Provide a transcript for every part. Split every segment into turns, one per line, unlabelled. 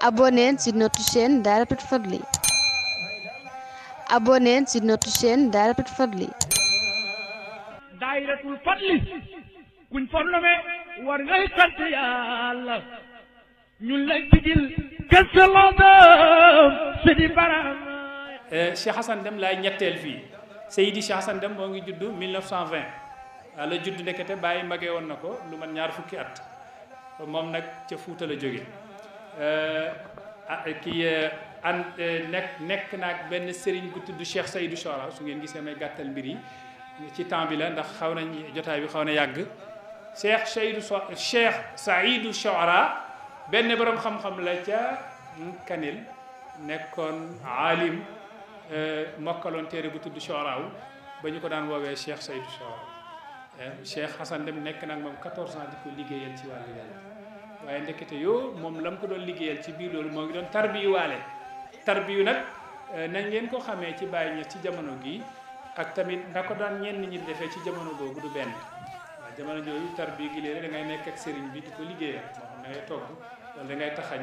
abonnez sur notre chaîne Dahiratoul Fadly abonnez sur notre kuñ fornome war ngay sant Yàlla ñun lay tijil kësaloom si di baram eh, Cheikh Hassan Dème laay ñetteel fii Seydi Cheikh Hassan Dème moo ngi judd 1920 ah, la judd ndekete bàyyi magee woon na ko lu man ñaar fukki at moom nag ca Fuuta la jóge Euh, ah, kii euh, euh, nekk nekk naag benn sëriñ bu tudd Cheikh Seydou Chora su ngeen gisee may gàttal mbir yi ci temps bi la ndax xaw nañ jotaay bi xaw na yàgg Cheikh Seydou Cheikh Saïdou Chora benn borom xam la ca Kanel nekkoon aalim mokkaloon téere bu tudd Choraaw ñu ko daan woowee Cheikh Seydou Chora Cheikh Hassan dem nekk nag moom 14 ans di ko liggéeyal ci wàllu yàlla waaye ndekkete yoo moom lam ko doon liggéeyal ci biir loolu moo ngi doon tarbiyu waale tarbiyu nag eh, na ngeen ko xamee ci bàyyi ña ci jamono gi ak tamit na ko daan ñenn ñi defee ci jamono googu du benn waaw jamono jooju tarbiyu gi léeg da ngay nekk ak sëriñ bi di ko liggéeyal moo xam da ngay togg wala da taxañ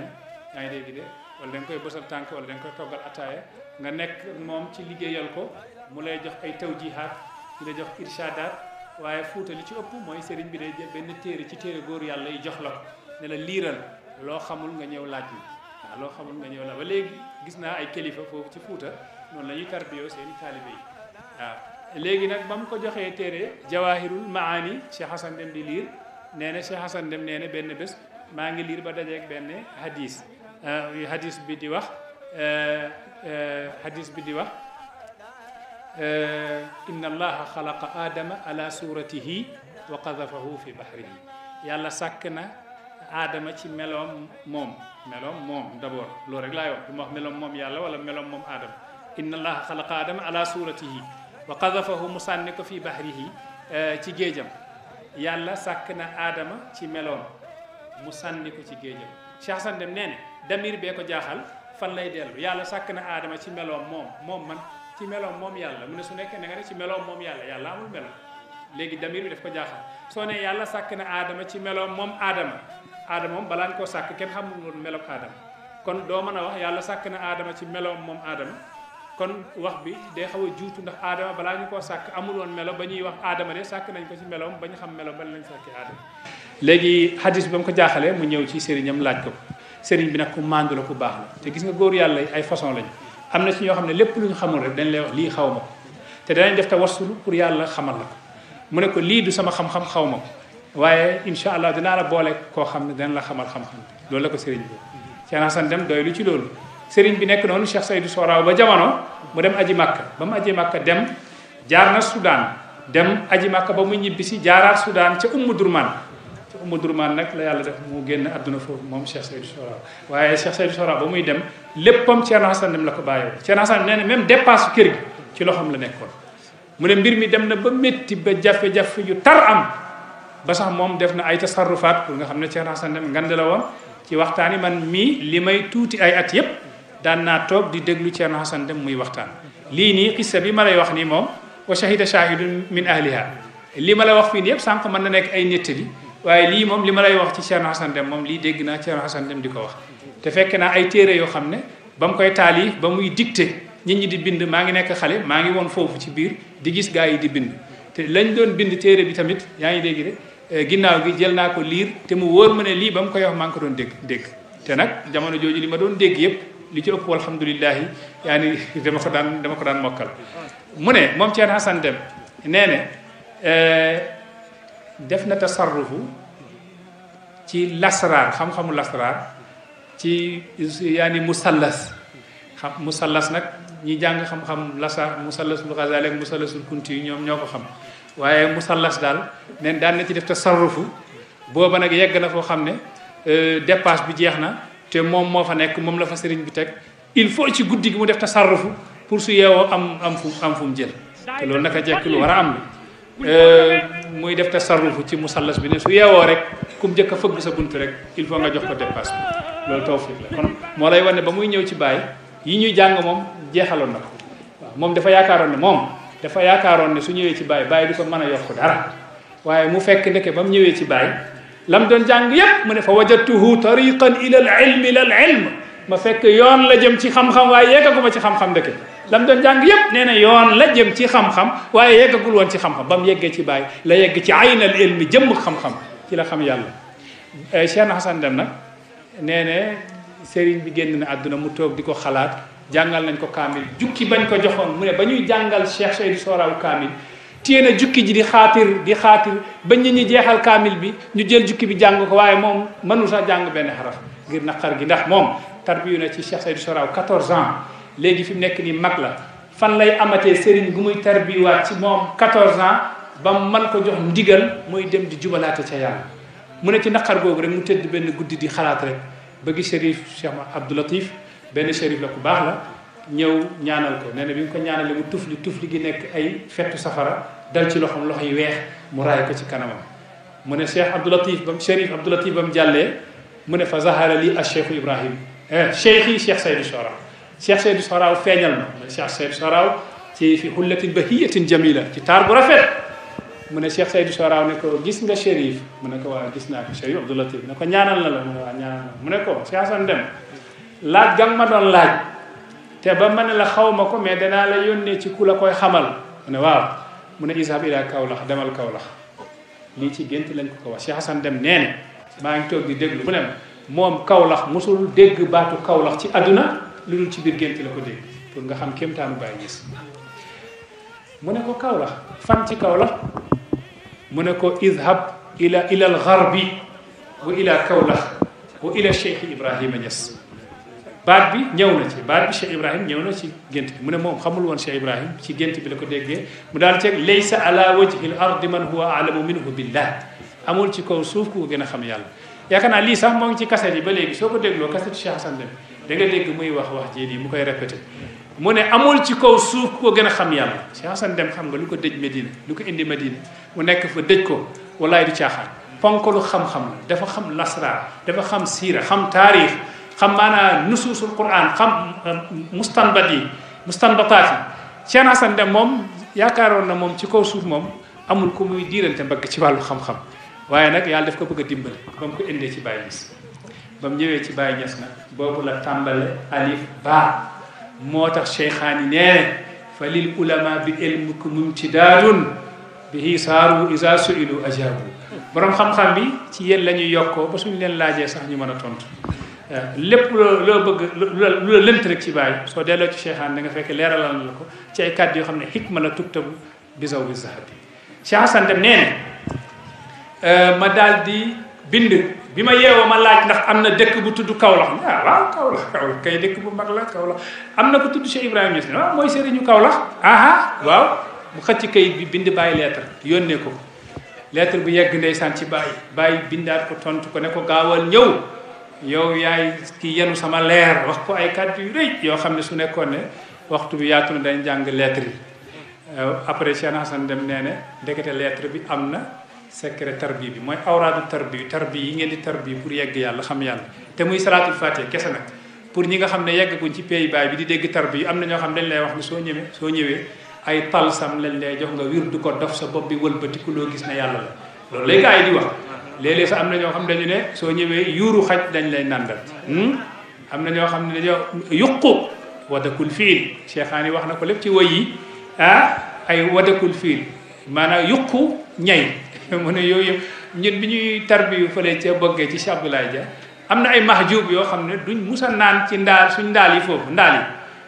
ngi dégg de wala da nga koy bësal tànk wala da toggal ataaya nga nekk moom ci liggéeyal ko mu lay jox ay tawjihaat di la jox irshadaat waaye fuuta li ci ëpp mooy sëriñ bi day jël benn téere ci téere góor yàlla yi jox la ne liiral loo xamul nga ñëw laaj yi waaw loo xamul nga ñëw la ba léegi gis naa ay kilifa foofu ci Fuuta noonu la ñuy tarbiyoo seen taalibe yi waaw léegi nag ba ko joxee téere Jawahirul Maani Cheikh Hassan Dem di liir nee na Cheikh Hassan Dem nee na benn bés maa ngi liir ba dajeeg benn hadis hadis bi di wax eh, eh, hadis bi di wax eh, inna allaha xalaqa aadama ala suratihi wa qadafahu fi bahrihi yàlla sàkk na aadama ci meloom moom meloom moom d'abord loolu rek laay wax du ma meloom moom yàlla wala meloom moom aadama inna allaha xalaqa aadama ala suratihi wa qadafahu mu sànni ko fii bahrihi eh, ci géejam yàlla sàkk na aadama ci meloom mu sànni ko ci géejam Cheikh San Dem ne damir bee ko jaaxal fan lay dellu yàlla sàkk na aadama ci meloom moom moom man ci meloom moom yàlla mu ne su nekkee na nga ne ci meloom moom yàlla yàlla amul meloom léegi damir bi daf ko jaaxal soo ne yàlla sàkk na aadama ci meloom moom aadama aadama moom balaa ñu koo sàkk kenn xamul woon meloog aadama kon doo mën a wax yàlla sàkk na aadama ci meloom moom aadama kon wax bi day xaw a juutu ndax aadama balaa ñu koo sàkk amul woon melo ba ñuy wax aadama de sàkk nañ ko ci meloom ba ñu xam melo ba lañ sàkki aadama léegi xadis ba mu ko jaaxalee mu ñëw ci sëriñam laaj ko sëriñ bi nag ku màndu la ku baax la te gis nga góor yàlla ay façon lañ am na si ñoo xam ne lépp lu ñu xamul rek dañ lay wax lii xaw ma ko te danañ def te pour yàlla xamal la mu ne ko lii du sama xam xaw ma waaye incha allah dinaa la boole koo xam ne dana la xamal xam-xam loolu la ko sëriñ bi Cheikh Hassane dem doy lu ci loolu sëriñ bi nekk noonu Cheikh Seydou Soraw ba jamono mu dem aji màkka ba mu aji màkka dem jaar na Soudan aji màkka ba mu ñibbi si jaaraat sudaan ca Ummu Durman ca Ummu Durman nag la yàlla def mu génn àdduna foofu moom Cheikh Seydou Soraw waaye Cheikh muy dem léppam Cheikh Hassane dem la ko bàyyoo Cheikh Hassane nee na même dépasse kër gi ci loo xam la nekkoon mu ne mbir mi dem na ba métti ba jafe-jafe yu tar am ba sax moom def na ay tasarrufaat pour nga xam ne Cheikh Hassan Deme ngand la woon ci waxtaan yi man mii li may tuuti ay at yépp daan naa toog di déglu Cheikh Hassan Deme muy waxtaan lii nii xissa bi ma lay wax nii moom wa shahida shahidun min ahliha li ma la wax fii nii yëpp sànq mën na nekk ay nettali waaye lii moom li ma lay wax ci Cheikh Hassan Deme moom lii dégg naa Cheikh Hassan Deme di ko wax te fekk naa ay téere yoo xam ne ba mu koy taalif ba muy dicté nit ñi di bind maa ngi nekk xale maa ngi woon foofu ci biir di gis yi di bind te lañ doon bind téere bi tamit yaa ngi dégg Eh, ginnaaw gi jël naa ko liir te mu wóor ma ne lii ba mu koy wax maa ngi ko doon dégg dégg te nag jamono jooju li ma doon dégg yëpp li ci ëpp alhamdulilahi yaa ni dama ko daan dama ko mokkal mu ne moom Thierno Hassane dem nee ne eh, def na tasarrufu ci lasraar xam-xamu lasraar ci yaa ni musallas xam musallas nag ñi jàng xam-xam lasraar musallasul Ghazali ak musallasul Kunti yi ñoom ñoo ko xam waaye musallas daal neen daal na ci def tasarrufu booba nag yegg na foo xam ne euh, dépasse bi jeex na te moom moo fa nekk moom la fa sëriñ bi teg il faut ci guddi gi mu def tasarrufu pour su yeewoo am am fu am fu mu jël te loolu naka jekk lu war a am euh, muy def tasarrufu ci musallas bi ne su yeewoo rek ku njëkk a fëgg sa bunt rek il faut nga jox ko dépasse bi loolu tawfiq la kon moo lay wane ba muy ñëw ci baay yi ñuy jàng moom jeexaloon moom dafa yaakaaroon ne moom dafa yaakaaroon ne su ñëwee ci baay baay du ko mën a yokk dara waaye mu fekk ndeke ba mu ñëwee ci baay lam doon jàng yépp mu ne fa wajadtuhu tariqan ila al ilmi ila al ilm ma fekk yoon la jëm ci xam-xam waaye yeggagu ma ci xam-xam ndeke lam doon jàng nee na yoon la jëm ci xam waaye yeggagul woon ci xam-xam ba mu yeggee ci baay la yegg ci aynal ilmi jëmm xam-xam ci la xam yàlla eh, Cheikh Hassan dem nag nee ne sëriñ bi génn na àdduna mu toog di ko xalaat jàngal nañ ko kaamil jukki bañ ko joxoon mu ne ba ñuy jàngal Cheikh Seydou Soraw kaamil téye na jukki ji di xaatir di xaatir bañ ñi ñu jeexal kaamil bi ñu jël jukki bi jàng ko waaye moom mënul sax jàng benn xaraf ngir naqar gi ndax moom tarbiyu na ci Cheikh Seydou Soraw 14 léegi fi mu nekk nii mag la fan lay amatee sëriñ gu muy tarbiyuwaat ci moom 14 ans ba man ko jox ndigal muy dem di jubalaate ca yàlla mu ne ci naqar googu rek mu tëdd benn guddi di xalaat rek ba gis Chérif Cheikh Abdou Latif benn shérif la ku baax la ñëw ñaanal ko nee na bi nga ko ñaanalee mu tufli tufli gi nekk ay fettu safara dal ci loxoom loxo yi weex mu ko ci kanamam mu ne cheikh abdoulatif bam shérif abdoulatif ba mu jàllee mu ne fa zahara lii a cheikhu ibrahim eh, cheikh yi cheikh saydou soraw cheikh saydou soraw feeñal ma mu ne cheikh saydou soraw ci fi xullatin bahiyatin jamila ci taar bu rafet mu ne cheikh saydou soraw ne gis nga shérif mu ne ko waa gis naa ko chérif abdoulatif ne ko ñaanal na la mu ne ñaanal na mu ne ko cheikh hasan dem laaj gam ma doon laaj te ba ma ne la xaw ma ko mais danaa la yónnee ci ku la koy xamal mu ne waaw mu ne ishab ila kawlax demal kawlax lii ci gént lañ ko ko wax Cheikh dem nee ne maa ngi toog di déglu mu ne moom kawlax mosul dégg baatu kawlax ci àdduna lu dul ci biir gént la ko dégg pour nga xam kéemtaanu Baay Ñas mu ne ko kawlax fan ci kawlax mu ne ko idhab ila ila al bu wa ila kawlax wa ila Cheikh Ibrahima Ñas baat bi ñëw na ci baat bi Cheikh Ibrahim ñëw na ci gént bi mu ne moom xamul woon Cheikh Ibrahim ci gént bi la ko déggee mu daal ceeg laysa ala wajhil ardi man huwa alamu minhu billah amul ci kaw suuf ku ko gën a xam yàlla yaakaar naa lii sax moo ci kaset yi ba léegi soo ko dégloo kaset Cheikh Hassan Deme da nga dégg muy wax wax ne amul ci kaw suuf ku gën a xam yàlla Cheikh Hassan Deme xam nga lu ko dëj Medina lu ko indi Medina mu nekk fa dëj ko walaay du caaxaan ponkalu xam-xam la dafa xam lasra dafa xam siira xam taarix xam maanaa nusuusul quran xam euh, mustanbat yi mustanbataat yi Cheikh Hassane Deme moom yaakaaroon na moom ci kaw suuf moom amul ku muy diirante mbagg ci wàllu xam-xam waaye nag yàlla daf ko bëgg a dimbale ba mu ko indee ci Baye Niass ba mu ñëwee ci Baye ges nag boobu la tàmbale alif ba moo tax cheikhaan yi nee fa lil ulama bi ilmukum mumtidaadun bihi saaru isa suilu ajaabu borom xam-xam bi ci yéen la ñuy yokkoo ba suñu leen laajee sax ñu mën a tontu lépp loo loo bëgg lu la lënt rek ci bàyyi soo delloo ci Cheikhaan da nga fekk leeralal na la ko ci ay kàddu yoo xam ne xikma la tuktabu bisaw bi zahabi Cheikh Hassan dem nee euh, ma daal di bind bi ma yeewoo ma laaj ndax am na dëkk bu tudd Kaolack ah waaw Kaolack Kaolack kay dëkk bu mag la Kaolack am na ko tudd Cheikh Ibrahima Niass waaw mooy sëriñu Kaolack aha waaw mu xëcc kayit bi bind bàyyi lettre yónnee ko lettre bu yegg ndeysaan ci bàyyi bàyyi bindaat ko tontu ko ne ko gaawal yow yaay ki yenu sama leer wax ko ay kàddu yu rëy yoo xam ne su nekkoon ne waxtu bi yaatu na dañ jàng lettre yi euh, après Cheikh Hassan dem nee ne ndekete lettre bi am na secret tarbi bi mooy awraadu tarbi tarbi yi ngeen di tarbi pour yegg yàlla xam yàlla te muy salaatul fatiha kese nag pour ñi nga xam ne yeggaguñ ci pays baay bi di dégg tarbi am na ñoo xam ne dañ lay wax ne soo ñëwee soo ñëwee ay talsam lañ lay jox nga du ko dof sa bopp bi wëlbatiku loo gis ne yàlla léeg-léeg sax am na ñoo xam dañu ne soo ñëwee yuuru xaj dañ lay nàndal hmm? am na ñoo xam ne dañoo yuqu wadakul fiil cheikhaani wax na ko lépp ci way yi ah ay wadakul fiil maanaam yuqu ñay mu ne ñun bi ñuy tarbiyu fële ca boggee ci chabulay ja am na ay mahjub yoo xam ne duñ musa naan ci ndaal suñ ndaal yi foofu ndaal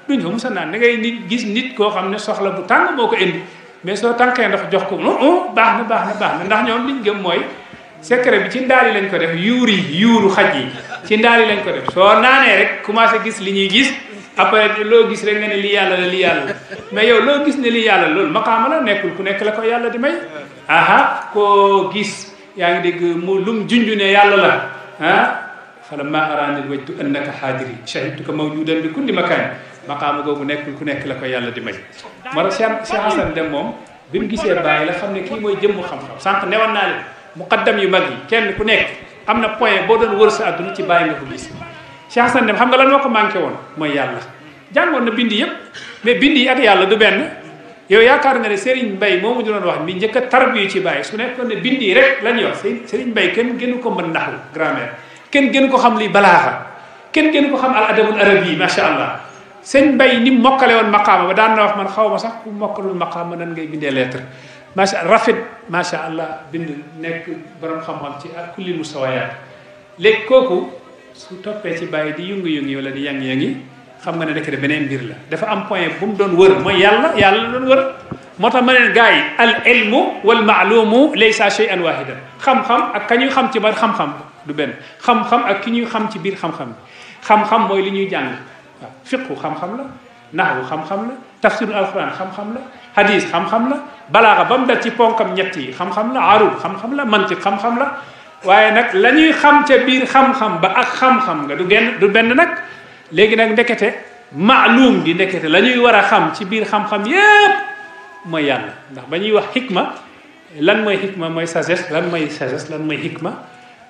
yi duñ fa musa naan da ngay nit gis nit koo xam ne soxla bu tàng boo ko indi mais soo tànkee ndox jox ko non baax na baax na baax na ndax ñoom liñ gëm mooy secret bi ci ndaal lañ ko def yuur yi yuuru xaj yi ci ndaal lañ ko def soo naanee rek commencé gis li ñuy gis après loo gis rek nga ne lii yàlla la lii yàlla la mais yow loo gis ne lii yàlla la loolu maqaama la nekkul ku nekk la ko yàlla di may aha gis yaa ngi dégg mu lum ne yàlla la ah falamma araani wajtu annaka haadiri shahidtuka mawjudan bi kulli makaan maqaama googu nekkul ku nekk la ko yàlla di may mara Cheikh Hassane Deme moom bi mu gisee bàyyi la xam ne kii mooy jëmmu xam-xam sànq newoon naa leen muqaddam yu mag yi kenn ku nekk am na point boo doon wër sa àdduna ci bàyyi nga ko gis Cheikh Hassane xam nga lan moo ko manqué woon mooy yàlla jàngoon na bind yëpp mais bind yi ak yàlla du benn yow yaakaar nga ne Serigne Mbaye moomu doon wax mi njëkk a tarbiyu ci bàyyi su nekkoon ne bind yi rek lañ yor Serigne Mbaye kenn gënu ko mën naxu grammaire kenn gënu ko xam li balaaxa kenn gënu ko xam al adabul arabi macha allah sëñ Mbaye ni mokkale woon maqaama ba daan na wax man xaw ma sax ku mokkalul maqaama nan ngay bindee lettre macha allah rafet macha allah bind nekk borom xam-xam ci ak kulli mustawayaat léegi kooku su toppee ci bàyyi di yëngu-yëngu wala di yang-yangi xam nga ne nekk de beneen mbir la dafa am point bu mu doon wër mooy yàlla yàlla la doon wër moo tax ma neen yi al ilmu wal maalumu laysa shay'an wahidan xam-xam ak ka ñuy xam ci bar xam-xam benn xam ak ki ñuy xam ci biir xam-xam xam-xam mooy li ñuy jàng waaw fiqhu xam-xam la naxwu xam-xam la tafsirul alquran xam-xam la hadis xam-xam la balaaxa ba mu dal ci ponkam ñett yi xam-xam la arub xam-xam la mantiq xam-xam la waaye nag la ñuy xam ca biir xam-xam ba ak xam-xam nga du genn du benn nag léegi nag ndekete maalum gi ndekete la ñuy war a xam ci biir xam-xam yépp mooy yàlla ndax ba ñuy wax xikma lan mooy xikma mooy sagesse lan mooy sagesse lan mooy xikma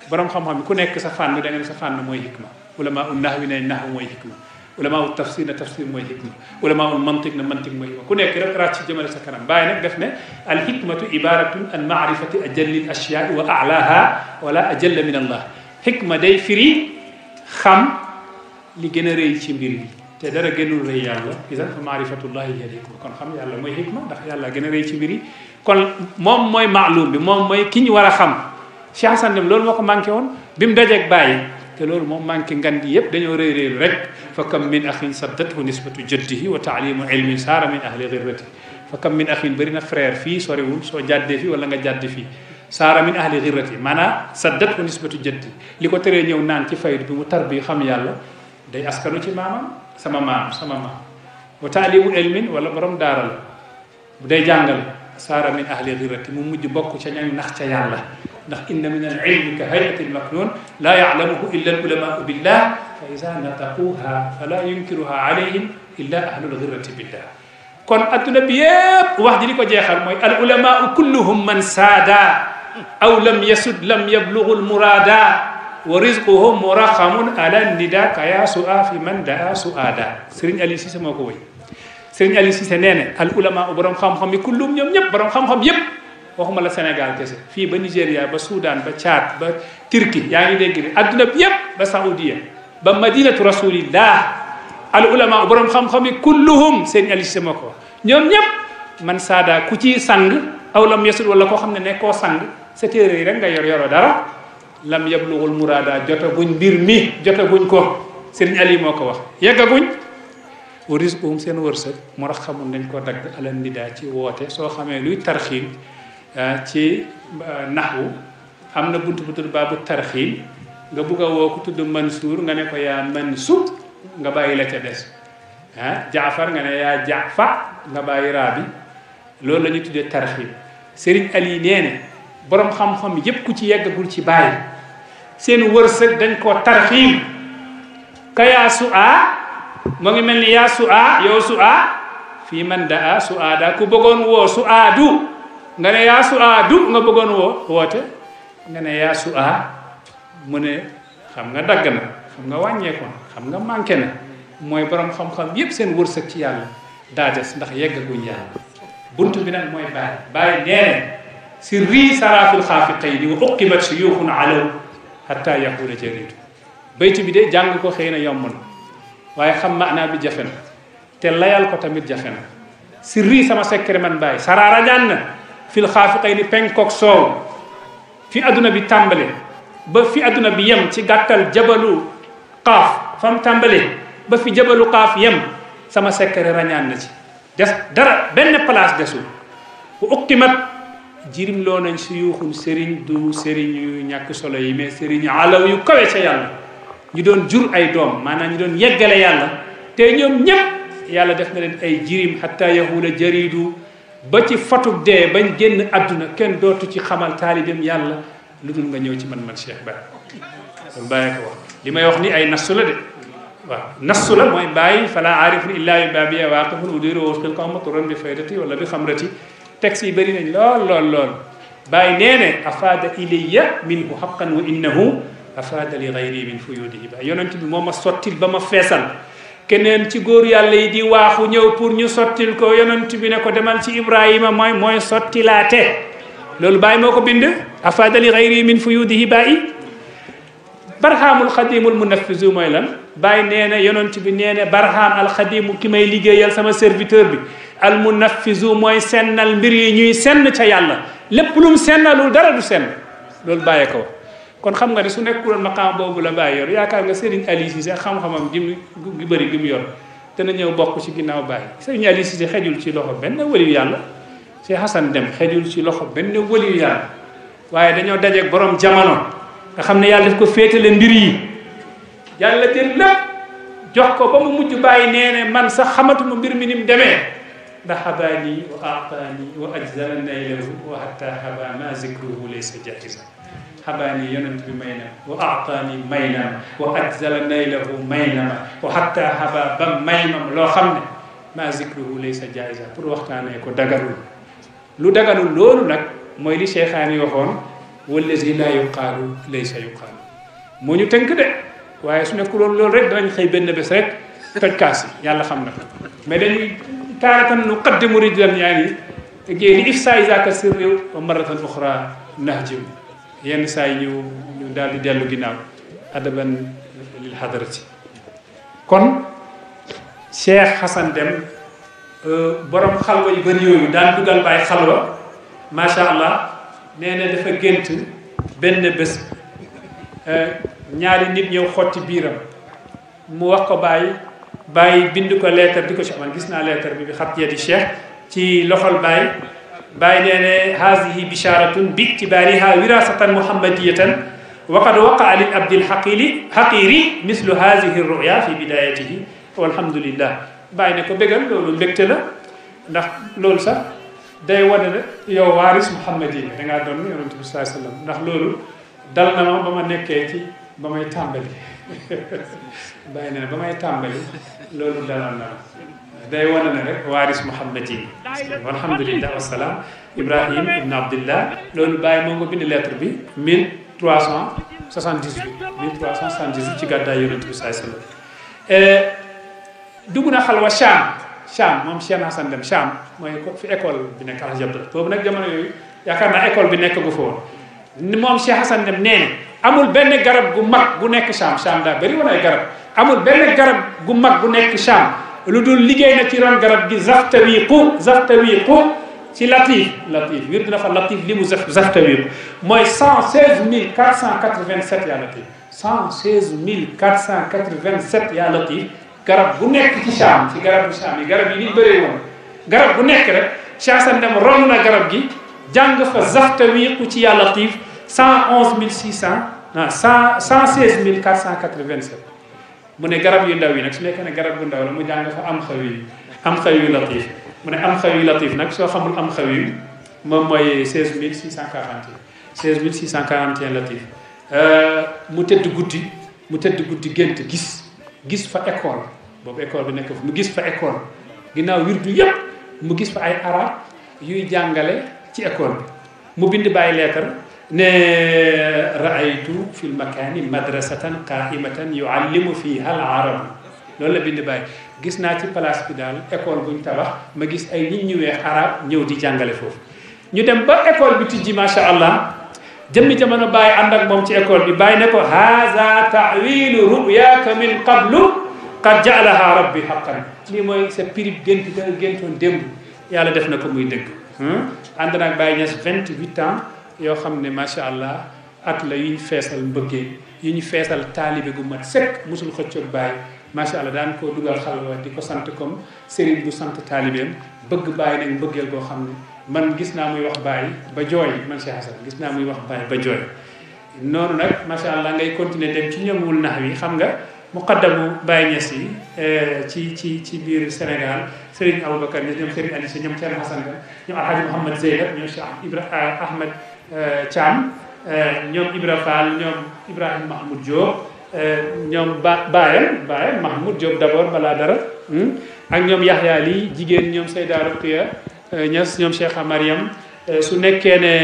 boroom xam-xam ku nekk sa fànn da ne sa fànn mooy xikma ulama un nahwi ne nahw mooy xikma ulamaaul tafsir ne tafsir mooy xikma ulamaul mantiq ne mantiq mooy xikma ku nekk rek raat ci jëmale sa kanam bàyyi nag def ne al xikmatu ibaratun an maarifati ajallil ashyai wa alaha wala ajalla min allah xikma day firi xam li gën a rëy ci mbir yi te dara gënul rëy yàlla idan fa maarifatullahi hiya al-hikma kon xam yàlla mooy hikma ndax yàlla gën a rëy ci mbir yi kon moom mooy maalum bi moom mooy ki ñu war a xam Cheikh Hassane Deme loolu moo ko manqué woon bi mu dajeeg bàyyi te loolu moom manqué ngan gi yëpp dañoo rëy rëylu rek fa kam min axin saddathu nisbatu jaddihi wa taalimu ilmin saara min ahli xirrati fa kam min axin bëri na frère fii sorewul soo jàddee fii wala nga jàdd fii saara min ahli xirrati maanaa saddathu nisbatu jaddi li ko teree ñëw naan ci faydu bi mu tar bi xam yàlla day askanu ci maamam sama maam sama maam wa taalimu ilmin wala borom daara la day jàngal saara min ahli xirati mu mujj bokk ca ñañ nax ca yàlla ndax inna min al ilmi ka hayati al maknun laa yaalamuhu illa al ulamau billah fa ida nataquha fala yunkiruha alayhim illa ahlul xirati billah kon adduna bi yépp wax ji li ko jeexal mooy al ulamau kulluhum man saada aw lam yasud lam yablugu al murada wa rizquhum muraxamun ala nida kaya su'a fi man daa su'ada Serigne Ali Cissé moo ko wëy sëñ Aliou Cissé nee na al ulama borom xam-xam yi kullum ñoom ñëpp borom xam-xam yëpp waxuma la Sénégal kese fii ba Nigéria ba Soudan ba Tchad ba Turquie yaa ngi dégg ni adduna bi yëpp ba Saoudia ba madinatu rasulillah al ulama borom xam-xam yi kulluhum sëñ Aliou Cissé ma ko ñoom ñëpp man saada ku ci sang aw lam yasul wala koo xam ne nekkoo koo sang sa téere yi rek nga yor yoroo dara lam yablughul murada jotaguñ mbir mi jotaguñ ko sëñ Aliou moo ko wax wa risquhum seen wërsëg moo tax xamul nañ ko dagg alal nidaa ci woote soo xamee luy tarxiim ah, ci ah, naxwu am na buntu bu tudd baabu tarxiim nga bugg a woo ku tudd suur nga ne ko yaa Mansuur nga bàyyi la ca des ah Jaafar nga ne yaa Jaafa nga bàyyi bi loolu lañuy tuddee tarxiim Serigne Ali nee ne borom xam-xam yépp ku ci yeggagul ci bàyyi seen wërsëg dañ koo tarxiim kayaa a mu ngi mel ni yaa su a yow su a fii man da a su a daa ku bëggoon woo su a du nga ne yaa su a du nga bëggoon woo woote nga ne yaa su a mu ne xam nga dagg na xam nga wàññeeku xam nga manqué na mooy borom xam-xam yépp seen wërsëg ci yàlla daa des ndax yeggaguñ bunt bi nag mooy bàyyi bàyyi nee si rii saraaful xaafiqayni wa uqibat suyuuxun alaw hatta yaqula bi de jàng ko xëy yomb na waaye xam maanaa bi jafe na te layal ko tamit jafe na sirri sama secret man bàyyi saraara ñaan na fil xaafiqay ni penkook soow fi adduna bi tàmbale ba fi adduna bi yem ci gàttal jabalu xaaf fam tàmbale ba fi jabalu xaaf yem sama secret rañaan na ci des dara benn place desul bu uqimat jirim loo nañ si yuuxul sëriñ du sëriñ yu ñàkk solo yi mais sëriñ alaw yu kawe ca yàlla ñu doon jur ay doom maanaam ñu doon yeggale yàlla te ñoom ñëpp yàlla def na leen ay jirim xatta yahula jaridu ba ci fatug dee bañ génn àdduna kenn dootu ci xamal taalibem yàlla lu dul nga ñëw ci man man Cheikh Bara kon wax li may wax ni ay nassu la de waaw la mooy bàyyi fala aarifun illaa bi baabiya waaqifun udiru wasqil qawma turan bi faydati wala bi xamrati texte yi bëri nañ lool lool lool bàyyi nee ne afaada ilayya minhu haqqan wa innahu afaada li gayri min fuyudihi ba yonent bi moo ma sottil ba ma feesal keneen ci góor yàlla yi di waaxu ñëw pour ñu sottil ko yonent bi ne ko demal ci ibrahima mooy mooy sottilaate loolu bàyyi moo ko bind afaada li gayri min fuyudihi bàyyi barhaamul xadimul munafisu mooy lan bàyyi nee na yonent bi nee na barhaam alxadimu ki may liggéeyal sama serviteur bi al munafisu mooy sennal mbir yi ñuy senn ca yàlla lépp lu mu dara du senn loolu bàyyi kon xam nga ne su nekkuloon maqaam boobu la bàyyi yor yaakaar nga Serigne Aliou Cissé xam-xamam ji gi bëri gi mu yor dana ñëw bokk ci ginnaaw bàyyi Serigne Aliou Cissé xejul ci loxo benn waliyu yàlla Cheikh Hassan Deme xejul ci loxo benn waliyu yàlla waaye dañoo dajeeg borom jamono nga xam ne yàlla daf ko féetale mbir yi yàlla jël lépp jox ko ba mu mujj bàyyi nee man sax xamatuma mbir mi ni demee ndax xabaani wa aataani wa ajzana naylahu wa hatta haba ma zikruhu laysa jaahiza xabaani yonent bi may na wa aataani may na ma wa ajzala naylahu may na ma wa xatta xaba ba may mam loo xam ne ma zikruhu laysa jaiza pour waxtaanee ko daganul lu daganul loolu nag mooy li cheikhaani waxoon wallazi laa yuqaalu laysa yuqaalu moo ñu tënk de waaye su nekkuloon loolu rek danañ xëy benn bés rek toj kaas yi yàlla xam na mais dañuy taaratan nu qaddimu rijlan yaani géeri ifsa isaka sirri wa maratan oxra nahjim yenn saa yi ñu ñu daal di dellu ginnaaw adaban lil si kon Cheikh Hassan Deme euh, borom xalwa yu bëri yooyu daan dugal bàyyi xalwa macha allah nee na dafa gént benn bés euh, ñaari nit ñëw xotti biiram mu wax ko bàyyi bàyyi bind ko leetar di ko ci amal gis naa leetar bi bi xat yeeti Cheikh ci loxol bàyyi bàyyi nee ne haasihi bisharatun bi ictibaariha wirasatan muhammadiyatan wa qad waqaa lil abdil xaqili xaqiri mislu haasihi ruya fi bidayatihi walhamdulillah bàyyi ko bégal loolu mbégte la ndax loolu sax day wane ne yow waaris muhammadi da ngaa doon ndax loolu dal na ma ba ma ba may tàmbali bàyyi ne ba may tàmbali loolu dalal na day wane ne rek waaris Muhammad yi walhamdulillah wasalaam Ibrahim ibn Abdillah loolu bàyyi moo ko bind lettre bi 1378 1378 ci gàddaay yonent bi saay sallam dugg na xalwa Cham Cham moom Cheikh Hassan dem Cham mooy fi école bi nekk aljabda boobu nag jamono yooyu yaakaar naa école bi nekk gu fa woon moom Cheikh Hassan dem nee amul benn garab gu mag gu nekk Cham Cham daa bëri garab amul benn garab gu mag gu nekk Cham lu dul liggéey na ci ron garab gi zaxtawiqu zaxtawiqu ci latif latif wir dina fa latif li mu zaxtawiqu mooy cent seize mille quatre cent quatre-vingt-sept yaa latif cent seize mille quatre cent quatre-vingt-sept yaa latif garab bu nekk ci Saam ci garab bu Saam yi garab yi ni bëree woon garab bu nekk rek Cheikh San na garab gi jàng fa zaxtawiqu ci yaa latif cent onze mille six cent non cent seize mille quatre cent quatre-vingt-sept mu ne garab yu ndaw yi nag su nekkee ne garab gu ndaw la mu jàng fa am xaw yi am xaw yu latif mu ne am xaw yu latif nag soo xamul am xaw yi moom mooy 16641 16641 latif euh, mu tëdd guddi mu tëdd guddi gént gis gis fa école boobu école bi nekk fa mu gis fa école ginnaaw bi yépp mu gis fa ay arab yuy jàngale ci école bi mu bind bàyyi leetar ne raaytu fi lmakaani madrasatan qaimatan yuallimu fiha al arab loolu la bind bàyyi gis naa ci place bi daal école buñ tabax ma gis ay nit ñu weex arab ñëw di jàngale foofu ñu dem ba école bi tijji macha allah jëmmi jamono bàyyi ànd ak moom ci école bi bàyyi ne ko haza tawilu ruyaaka min qablu qad jaalaha rabbi haqqan lii mooy sa pirib gént da nga géntoon yàlla def na ko muy dëgg hmm? yoo xam ne macha allah at la yu feesal mbëggee yu ñu feesal taalibe gu mat set musul xëccoog bàyyi macha allah daan koo dugal xalwa di ko sant comme sëriñ bu sant taalibeem bëgg bàyyi nag mbëggeel goo xam ne man gis naa muy wax bàyyi ba jooy man Cheikh Hassane gis naa muy wax bàyyi ba jooy noonu nag macha allah ngay continuer dem ci ñëmwul nax wi xam nga muqaddamu Baye Niass yi eh, ci ci ci biir Sénégal Serigne Aboubacar Niass ñoom Serigne Aliou si ñoom Thierno Hassane Ka ñoom Alhaji Mouhamad Zeynab ñoom Ibra eh, Ahmed eh, Thiam ñoom Ibra Fall ñoom Ibrahima Mahmoud Diop ñoom ba Bayam Bayam Mahmoud Diop d'abord dara hmm, ak ñoom Yahya Ly jigéen ñoom Seyda Ruqya Niass ñoom Cheikha Mariam su nekkee ne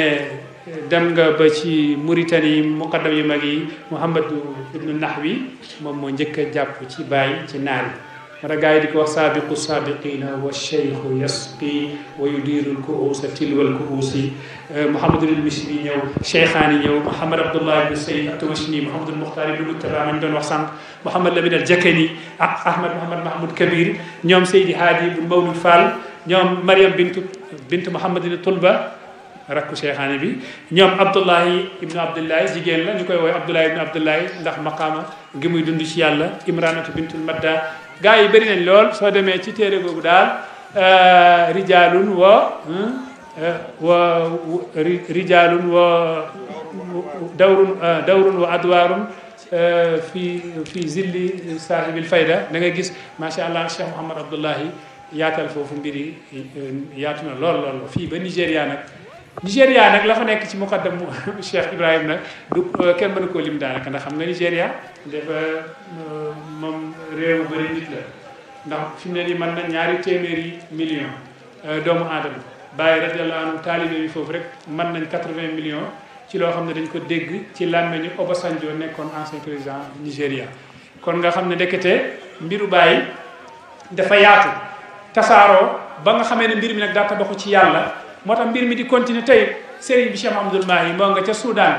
dem nga ba ci Mauritanie muqaddam yu mag yi Muhammad ibnu Nahwi moom moo njëkk a jàpp ci baay ci naan wara gars yi di ko wax saabiqu saabiqina wa cheikhu yasqi wa yudiru lkuusa tilwal kuusi eh, Muhammadul Misri ñëw cheikhaani ñëw Muhammad Abdullah ibnu Sayyid Tumashni Muhammadul Muxtaar ibnu Muttaba mañ doon wax sànq Muhammad Lamin al Jakani ak Ahmad Muhammad Mahmoud Kabir ñoom Seydi Haadi ibnu Mawlud Fall ñoom Mariam bintu bintu Muhammadin Tulba rakku seexaane bi ñoom abdullahi ibnu abdullahi jigéen la ñu koy woowee abdullahi ibnu abdullahi ndax maqaama gi muy dund ci yàlla imranatu bintul madda gaa yi bëri nañ lool soo demee ci téere googu daal euh, rijalun wa euh, wa rijalun wa dawrun euh, dawrun wa adwarun fi fi zilli saahibil fayda da nga gis macha allah cheikh mouhamad abdullahi yaatal foofu mbiri yaatu na lool ba nigéria Nigéria nag la fa nekk ci muqaddam Cheikh Ibrahim nag du euh, kenn mënu koo lim daanaka ndax xam nga Nigéria dafa euh, moom réew mu bëri nit la ndax fi mu ne nii mën na ñaari téeméeri million euh, doomu aadama bàyyi radiyallahu anhu taalibe bi foofu rek mën nañ quatre-vingts millions ci loo xam ne dañ ko dégg ci làmmeñu Obasanjo nekkoon ancien président Nigéria kon nga xam ne ndekete mbiru bàyyi dafa yaatu tasaaroo ba nga xamee ne mbir mi nag daa tabaxu ci yàlla moo tax mbir mi di continuer tey sëriñ bi Cheikh Mahamadul Mahi moo nga ca Soudan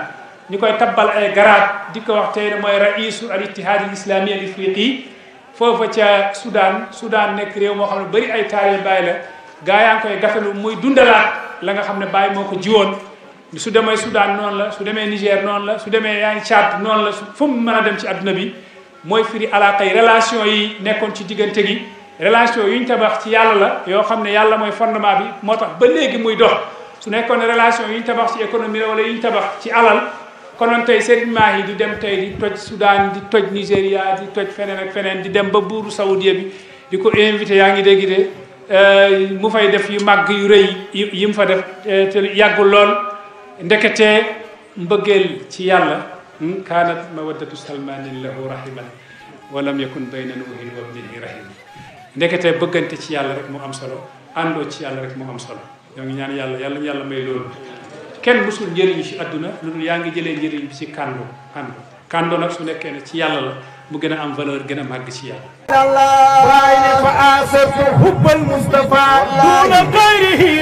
ñu koy tabbal ay garaat di ko wax tey ne mooy raisu al ittihad al islami al ifriqi foofa ca Soudan Soudan nekk réew moo xam ne bari ay taaril bàyyi la gaa yaa ngi koy gafelu muy dundalaat la nga xam ne bàyyi moo ko jiwoon su demee Soudan noonu la su demee Niger noonu la su demee yaa ngi Tchad noonu la fu mu mën a dem ci adduna bi mooy firi alaaka yi relation yi nekkoon ci diggante gi relation yu tabax ci yàlla la yoo xam ne yàlla mooy fondement bi moo tax ba léegi muy dox su nekkoon relation yu ñu tabax ci économie la wala yu tabax ci alal konoon tey sëriñ Mahi di dem tey di toj Soudan di toj Nigéria di toj feneen ak feneen di dem ba buuru Saoudia bi di ko invité yaa ngi dégg de euh, mu fay def yu màgg yu rëy yi mu fa def euh, te yàggul lool ndeketee mbëggeel ci yàlla hmm, kaanat mawaddatu salmanin lahu rahiman walam yakun bayna nuuhin wa ibnihi rahim ndekete bëggante ci yàlla rek mu am solo àndoo ci yàlla rek mu am solo ñoo ñaan yàlla yàlla yàlla may loolu kenn musul njëriñu ci àdduna lu dul yaa ngi jëlee njëriñ bi ci kàndo kàndo kàndo nag su nekkee ne ci yàlla la mu gën a am valeur gën a màgg ci yàlla baay ne fa asabtu hubbal mustafa duna xayrihi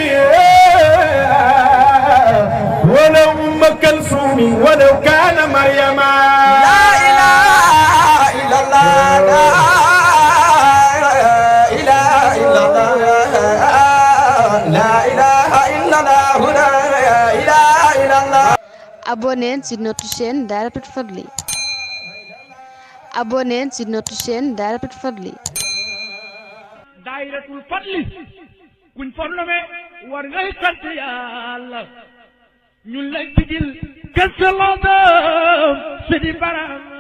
wala umma kalsumi walaw kaana maryama la ilaha illallah abonnez sur notre chaîne Dahiratoul Fadly abonnez sur notre chaîne Dahiratoul Fadly Dahiratoul war ngay sant Yàlla ñun lay tijil kese la doom si di baram